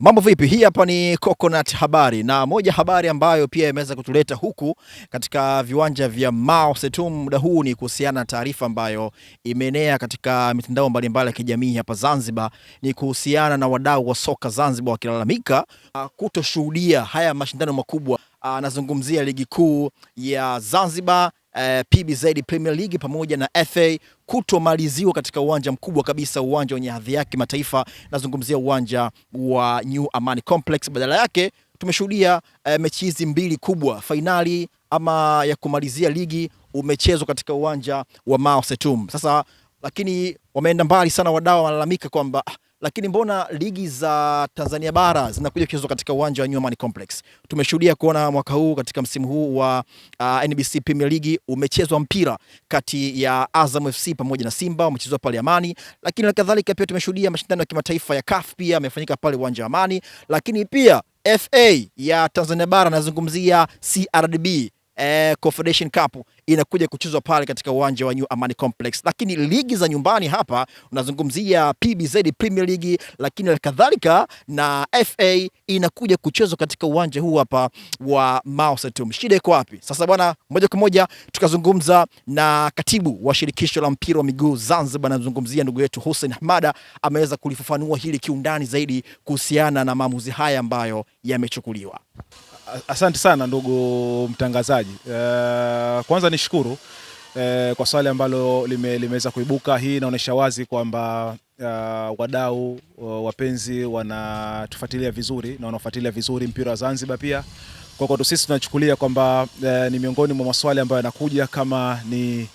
Mambo vipi? Hii hapa ni Coconut Habari, na moja habari ambayo pia imeweza kutuleta huku katika viwanja vya Mao Setum muda huu ni kuhusiana na taarifa ambayo imeenea katika mitandao mbalimbali ya kijamii hapa Zanzibar, ni kuhusiana na wadau wa soka Zanzibar wakilalamika ah, kutoshuhudia haya mashindano makubwa. Anazungumzia ah, ligi kuu ya Zanzibar Uh, eh, PBZ Premier League pamoja na FA kutomaliziwa katika uwanja mkubwa kabisa, uwanja wenye hadhi ya kimataifa. Nazungumzia uwanja wa New Amani Complex. Badala yake tumeshuhudia uh, mechi hizi mbili kubwa, fainali ama ya kumalizia ligi umechezwa katika uwanja wa Mao Setum. Sasa lakini wameenda mbali sana, wadau wanalalamika kwamba ah, lakini mbona ligi za Tanzania bara zinakuja kuchezwa katika uwanja wa Nyuman Complex? Tumeshuhudia kuona mwaka huu katika msimu huu wa uh, NBC Premier League umechezwa mpira kati ya Azam FC pamoja na Simba, umechezwa pale Amani, lakini kadhalika pia tumeshuhudia mashindano ya kimataifa ya CAF pia yamefanyika pale uwanja wa Amani, lakini pia FA ya Tanzania bara, nazungumzia CRDB eh, Confederation Cup inakuja kuchezwa pale katika uwanja wa New Amani Complex, lakini ligi za nyumbani hapa unazungumzia PBZ Premier League, lakini kadhalika na FA inakuja kuchezwa katika uwanja huu hapa wa Mao Setum. Shida iko wapi sasa bwana? Moja kwa moja tukazungumza na katibu wa shirikisho la mpira wa miguu Zanzibar, anazungumzia ndugu yetu Hussein Hamada, ameweza kulifafanua hili kiundani zaidi kuhusiana na maamuzi haya ambayo yamechukuliwa. Asante sana ndugu mtangazaji. Uh, kwanza nishukuru uh, kwa swali ambalo limeweza kuibuka. Hii inaonyesha wazi kwamba uh, wadau uh, wapenzi wanatufuatilia vizuri na wanafuatilia vizuri mpira wa Zanzibar pia kwa kwetu sisi tunachukulia kwamba e, ni miongoni mwa maswali ambayo yanakuja kama ni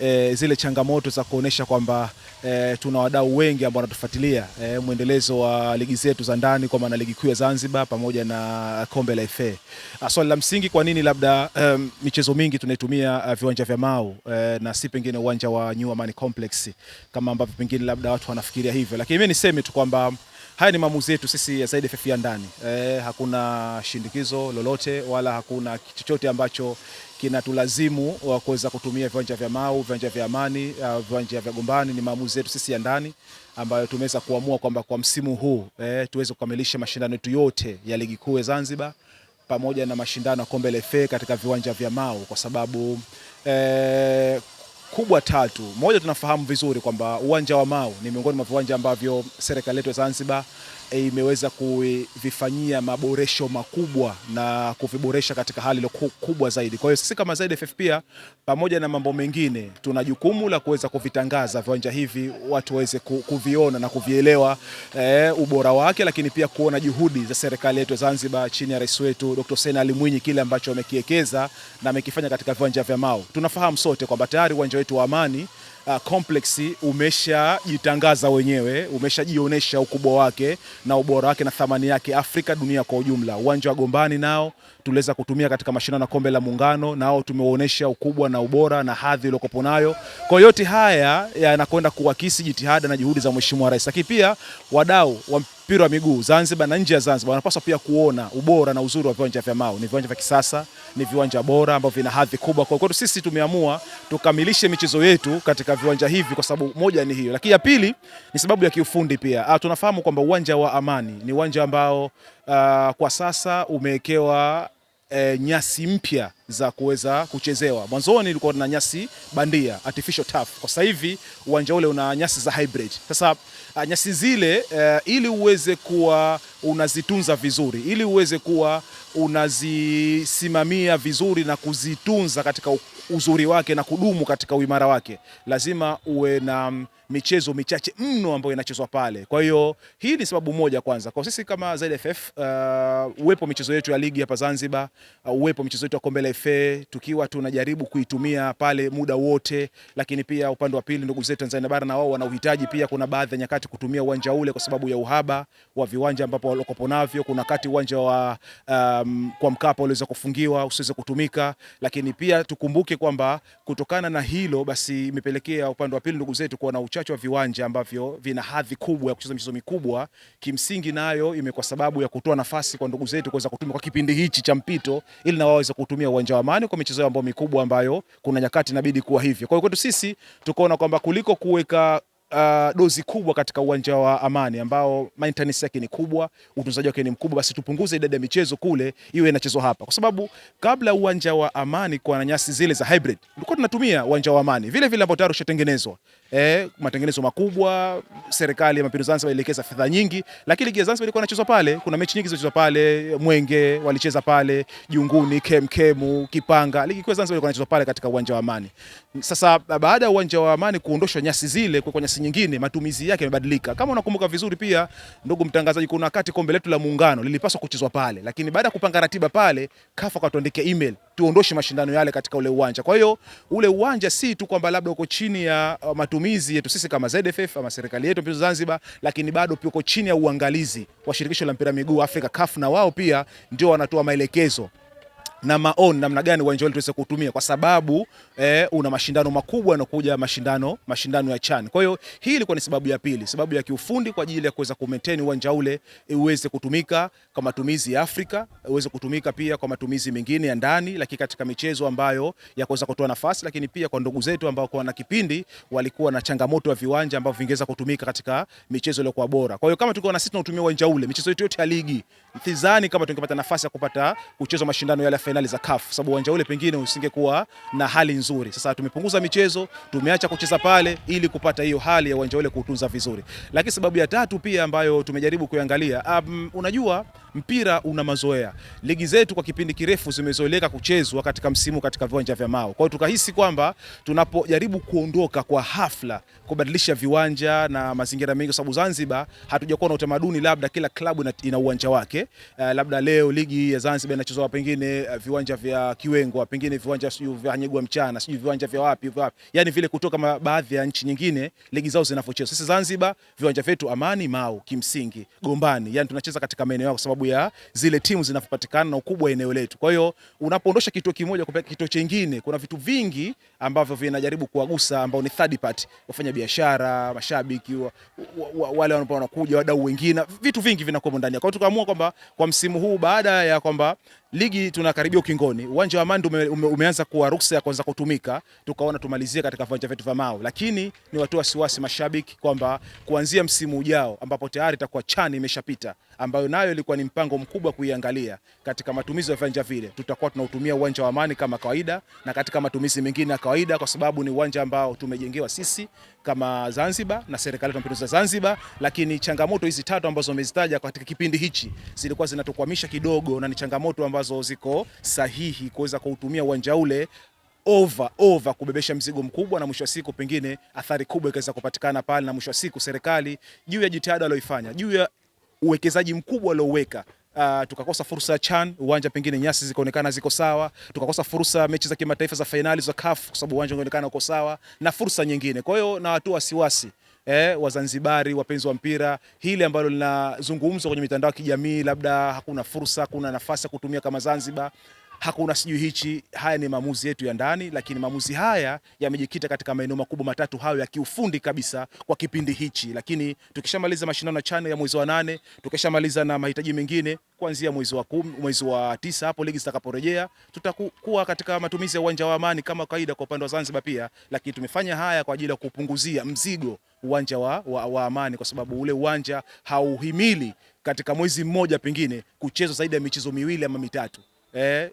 e, zile changamoto za kuonesha kwamba e, tuna wadau wengi ambao wanatufuatilia e, mwendelezo wa ligi zetu za ndani kwa maana ligi kuu ya Zanzibar pamoja na kombe la FA. Ah, swali la msingi, kwa nini labda um, michezo mingi tunaitumia uh, viwanja vya Mau e, na si pengine uwanja wa New Amani Complex kama ambavyo pengine labda watu wanafikiria hivyo, lakini mimi niseme tu kwamba haya ni maamuzi yetu sisi ya zaidi FF ya ndani eh, hakuna shindikizo lolote chochote wala hakuna chochote ambacho kinatulazimu wa uh, kuweza kutumia viwanja vya Mau, viwanja vya Amani, uh, viwanja vya Gombani. Ni maamuzi yetu sisi ya ndani ambayo tumeweza kuamua kwamba kwa msimu huu eh, tuweze kukamilisha mashindano yetu yote ya ligi kuu ya Zanzibar pamoja na mashindano ya kombe la FA katika viwanja vya Mau kwa sababu eh, kubwa tatu. Moja, tunafahamu vizuri kwamba uwanja wa Mau ni miongoni mwa viwanja ambavyo serikali yetu ya Zanzibar E, imeweza kuvifanyia maboresho makubwa na kuviboresha katika hali kubwa zaidi. Kwa hiyo sisi kama ZFF pia, pamoja na mambo mengine, tuna jukumu la kuweza kuvitangaza viwanja hivi watu waweze kuviona na kuvielewa e, ubora wake, lakini pia kuona juhudi za serikali yetu ya Zanzibar chini ya rais wetu Dr. Hussein Ali Mwinyi, kile ambacho amekiekeza na amekifanya katika viwanja vya Mau. Tunafahamu sote kwamba tayari uwanja wetu wa Amani Uh, complex umeshajitangaza wenyewe, umeshajionyesha ukubwa wake na ubora wake na thamani yake Afrika, dunia kwa ujumla. Uwanja wa Gombani nao tuliweza kutumia katika mashindano ya kombe la Muungano, nao tumeuonyesha ukubwa na ubora na hadhi uliokopo nayo. Kwa yote haya yanakwenda kuakisi jitihada na juhudi za Mheshimiwa Rais, lakini pia wadau wa mpira wa miguu Zanzibar na nje ya Zanzibar wanapaswa pia kuona ubora na uzuri wa viwanja vya Mau. Ni viwanja vya kisasa, ni viwanja bora ambavyo vina hadhi kubwa. Kwa hiyo sisi tumeamua tukamilishe michezo yetu katika viwanja hivi, kwa sababu moja ni hiyo, lakini ya pili ni sababu ya kiufundi pia. Ah, tunafahamu kwamba uwanja wa Amani ni uwanja ambao uh, kwa sasa umewekewa e, nyasi mpya za kuweza kuchezewa. Mwanzoni ilikuwa na nyasi bandia artificial turf. Kwa sasa hivi uwanja ule una nyasi za hybrid. Sasa ah, nyasi zile e, ili uweze kuwa unazitunza vizuri, ili uweze kuwa unazisimamia vizuri na kuzitunza katika uzuri wake na kudumu katika uimara wake, lazima uwe na mm, michezo michache mno ambayo inachezwa pale. Kwa hiyo hii ni sababu moja kwanza kwa sisi kama ZFF, uh, uwepo michezo yetu ya ligi hapa Zanzibar, uh, uwepo michezo yetu ya kombe la FA tukiwa tunajaribu kuitumia pale muda wote, lakini pia upande wa pili ndugu zetu Tanzania bara na wao wana uhitaji pia, kuna baadhi ya nyakati kutumia uwanja ule kwa sababu ya uhaba wa viwanja ambapo walokopo navyo. Kuna kati uwanja wa um, kwa Mkapa uliweza kufungiwa usiweze kutumika, lakini pia tukumbuke kwamba kutokana na hilo basi imepelekea upande wa pili ndugu zetu kuwa na uchaji uchache wa viwanja ambavyo vina hadhi kubwa ya kucheza michezo mikubwa, kimsingi nayo imekuwa sababu ya kutoa nafasi kwa ndugu zetu kuweza kutumia kwa kipindi hichi cha mpito, ili na waweze kutumia uwanja wa Amani kwa michezo ambayo mikubwa ambayo kuna nyakati inabidi kuwa hivyo. Kwa hiyo kwetu sisi tukaona kwamba kuliko kuweka Uh, dozi kubwa katika uwanja wa Amani ambao maintenance yake ni kubwa, utunzaji wake ni mkubwa, basi tupunguze idadi ya michezo kule iwe inachezwa hapa, kwa sababu kabla uwanja wa Amani kwa na nyasi zile za hybrid, tulikuwa tunatumia uwanja wa Amani vile vile ambao tayari ushatengenezwa, eh, matengenezo makubwa, serikali ya mapinduzi Zanzibar ilielekeza fedha nyingi, lakini ligi ya Zanzibar ilikuwa inachezwa pale. Kuna mechi nyingi zilizochezwa pale, Mwenge walicheza pale, Junguni, Kemkemu, Kipanga. Ligi kuu ya Zanzibar ilikuwa inachezwa pale katika uwanja wa Amani. Sasa eh, baada ya uwanja wa Amani kuondoshwa nyasi zile kwa nyasi nyingine, matumizi yake yamebadilika. Kama unakumbuka vizuri pia, ndugu mtangazaji, kuna wakati kombe letu la muungano lilipaswa kuchezwa pale, lakini baada ya kupanga ratiba pale, kafa katuandikia email tuondoshe mashindano yale katika ule uwanja. Kwa hiyo ule uwanja si tu kwamba labda uko chini ya uh, matumizi yetu sisi kama ZFF ama serikali yetu mpira Zanzibar, lakini bado uko chini ya uangalizi wa shirikisho la mpira miguu Afrika CAF, na wao pia ndio wanatoa maelekezo na maoni namna gani uwanja wetu tuweze kutumia, kwa sababu eh, una mashindano makubwa yanokuja, mashindano mashindano ya CHAN. Kwa hiyo hii ilikuwa ni sababu ya pili, sababu ya kiufundi kwa ajili ya kuweza kumaintain uwanja ule uweze kutumika kwa matumizi ya Afrika, uweze kutumika pia kwa matumizi mengine ya ndani, lakini katika michezo ambayo ya kuweza kutoa nafasi, lakini pia kwa ndugu zetu ambao kwa na kipindi walikuwa na changamoto ya viwanja ambavyo vingeweza kutumika katika michezo ile kwa bora. Kwa hiyo kama tulikuwa na sisi tunatumia uwanja ule, michezo yetu yote ya ligi, sidhani kama tungepata nafasi ya kupata kucheza mashindano yale fainali za CAF, sababu uwanja ule pengine usingekuwa na hali nzuri. Sasa tumepunguza michezo, tumeacha kucheza pale ili kupata hiyo hali ya uwanja ule kuutunza vizuri. Lakini sababu ya tatu pia ambayo tumejaribu kuangalia, um, unajua mpira una mazoea. Ligi zetu kwa kipindi kirefu zimezoeleka kuchezwa katika msimu katika viwanja vya Mao. Kwa hiyo tukahisi kwamba tunapojaribu kuondoka kwa hafla, kubadilisha viwanja na mazingira mengi, sababu Zanzibar hatujakuwa na utamaduni, labda kila klabu ina uwanja wake. Uh, labda leo ligi ya Zanzibar inachezwa pengine uh, viwanja vya Kiwengwa, pengine viwanja sijui vya Nyegwa mchana, sijui viwanja vya wapi vya wapi, yani vile kutoka baadhi ya nchi nyingine ligi zao zinavyochezwa. Sisi Zanzibar viwanja vyetu Amani, Mau, kimsingi Gombani, yani tunacheza katika maeneo yao kwa sababu ya zile timu zinavyopatikana na ukubwa eneo letu. Kwa hiyo unapoondosha kituo kimoja kupeleka kituo chingine, kuna vitu vingi ambavyo vinajaribu kuwagusa ambao ni third party, wafanya biashara, mashabiki, wa, wa, wa, wale ambao wanakuja, wadau wengine, vitu vingi vinakuwa ndani. Kwa hiyo tukaamua kwamba kwa msimu huu baada ya kwamba ligi tunakaribia tukarejea ukingoni. Uwanja wa Amani ume, ume, umeanza kuwa ruksa ya kwanza kutumika, tukaona tumalizie katika viwanja vyetu vya Mao, lakini ni watu wasiwasi mashabiki kwamba kuanzia msimu ujao ambapo tayari itakuwa chani imeshapita ambayo nayo ilikuwa ni mpango mkubwa kuiangalia katika matumizi ya viwanja vile. Tutakuwa tunautumia uwanja wa Amani kama kawaida na katika matumizi mengine ya kawaida, kwa sababu ni uwanja ambao tumejengewa sisi kama Zanzibar na serikali ya mapinduzi ya Zanzibar. Lakini changamoto hizi tatu ambazo umezitaja katika kipindi hichi zilikuwa zinatukwamisha kidogo, na ni changamoto ambazo ziko sahihi kuweza kuutumia uwanja ule over over kubebesha mzigo mkubwa, na mwisho wa siku pengine athari kubwa ikaweza kupatikana pale, na mwisho wa siku serikali juu ya jitihada aliyoifanya juu ya uwekezaji mkubwa alioweka Uh, ah, tukakosa fursa ya CHAN, uwanja pengine nyasi zikaonekana ziko sawa, tukakosa fursa mechi za kimataifa za fainali za CAF kwa sababu uwanja ungeonekana uko sawa na fursa nyingine. Kwa hiyo na watu wasiwasi eh, Wazanzibari wapenzi wa mpira, hili ambalo linazungumzwa kwenye mitandao ya kijamii, labda hakuna fursa, hakuna nafasi ya kutumia kama Zanzibar hakuna sijui hichi. Haya ni maamuzi yetu ya ndani, lakini maamuzi haya yamejikita katika maeneo makubwa matatu hayo ya kiufundi kabisa kwa kipindi hichi. Lakini tukishamaliza mashindano ya CHAN ya mwezi wa nane, tukishamaliza na mahitaji mengine kuanzia mwezi wa kumi, mwezi wa tisa hapo ligi zitakaporejea, tutakuwa katika matumizi ya uwanja wa Amani kama kawaida kwa upande wa Zanzibar pia, lakini tumefanya haya kwa ajili ya kupunguzia mzigo uwanja wa, wa, wa Amani kwa sababu ule uwanja hauhimili katika mwezi mmoja pengine kuchezwa zaidi ya michezo miwili ama mitatu. Eh,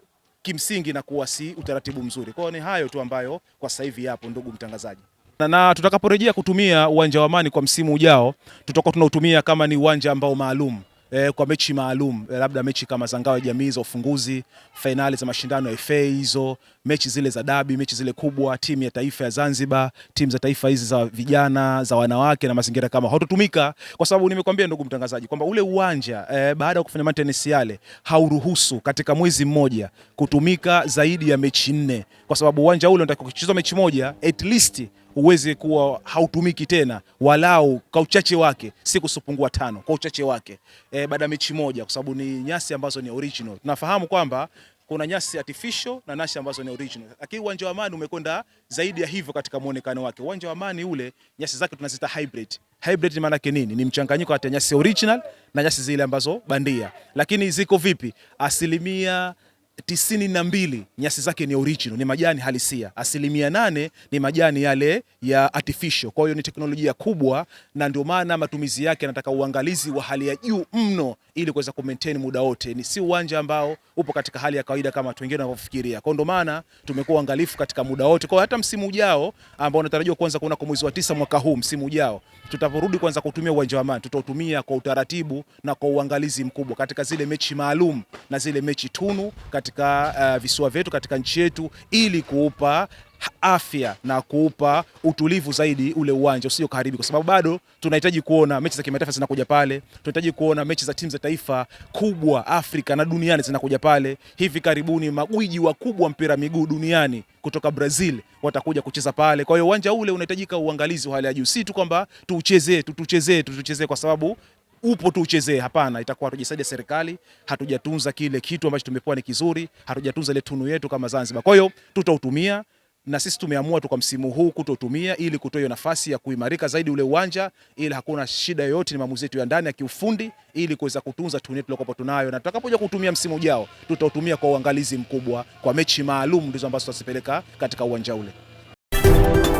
kimsingi na kuwa si utaratibu mzuri. Kwa hiyo ni hayo tu ambayo kwa sasa hivi yapo, ndugu mtangazaji na tutakaporejea kutumia uwanja wa Amani kwa msimu ujao, tutakuwa tunautumia kama ni uwanja ambao maalum eh, kwa mechi maalum eh, labda mechi kama za ngao ya jamii za ufunguzi, fainali za mashindano ya FA hizo, mechi zile za dabi, mechi zile kubwa, timu ya taifa ya Zanzibar, timu za taifa hizi za vijana, za wanawake na mazingira kama hatotumika, kwa sababu nimekwambia ndugu mtangazaji kwamba ule uwanja eh, baada ya kufanya maintenance yale hauruhusu katika mwezi mmoja kutumika zaidi ya mechi nne, kwa sababu uwanja ule unatakiwa kuchezwa mechi moja at least uweze kuwa hautumiki tena walau kwa uchache wake siku sipungua tano kwa uchache wake e, baada ya mechi moja, kwa sababu ni nyasi ambazo ni original. Tunafahamu kwamba kuna nyasi artificial na nyasi ambazo ni original, lakini uwanja wa Amani umekwenda zaidi ya hivyo katika muonekano wake. Uwanja wa Amani ule nyasi zake tunazita hybrid. Hybrid maana yake nini? Ni mchanganyiko kati ya nyasi original na nyasi zile ambazo bandia. Lakini ziko vipi? asilimia tisini na mbili nyasi zake ni original, ni majani halisia. Asilimia nane ni majani yale ya artificial. Kwa hiyo ni teknolojia kubwa, na ndio maana matumizi yake yanataka uangalizi wa hali ya juu mno, ili kuweza kumaintain muda wote. Ni si uwanja ambao upo katika hali ya kawaida kama watu wengine wanavyofikiria. Kwa ndio maana tumekuwa uangalifu katika muda wote. Kwa hiyo hata msimu ujao ambao unatarajiwa kuanza kuna mwezi wa tisa mwaka huu, msimu ujao tutaporudi kuanza kutumia uwanja wa Amani, tutautumia kwa utaratibu na kwa uangalizi mkubwa katika zile mechi maalum na zile mechi tunu katika katika uh, visiwa vyetu katika nchi yetu ili kuupa afya na kuupa utulivu zaidi ule uwanja usio karibu, kwa sababu bado tunahitaji kuona mechi za kimataifa zinakuja pale, tunahitaji kuona mechi za timu za taifa kubwa Afrika na duniani zinakuja pale. Hivi karibuni magwiji wakubwa mpira miguu duniani kutoka Brazil watakuja kucheza pale. Kwa hiyo uwanja ule unahitajika uangalizi wa hali ya juu, si tu kwamba tuuchezee tutuchezee tutuchezee, kwa sababu upo tu uchezee. Hapana, itakuwa hatujisaidia serikali, hatujatunza kile kitu ambacho tumepewa ni kizuri, hatujatunza ile tunu yetu kama Zanzibar. Kwa hiyo tutautumia na sisi tumeamua tu kwa msimu huu kutotumia ili kutoa hiyo nafasi ya kuimarika zaidi ule uwanja, ili hakuna shida yoyote. Ni maamuzi yetu ya ndani ya kiufundi ili kuweza kutunza tunu yetu tuliokuwa tunayo, na tutakapokuja kutumia msimu ujao tutautumia kwa uangalizi mkubwa, kwa mechi maalum ndizo ambazo tutazipeleka katika uwanja ule.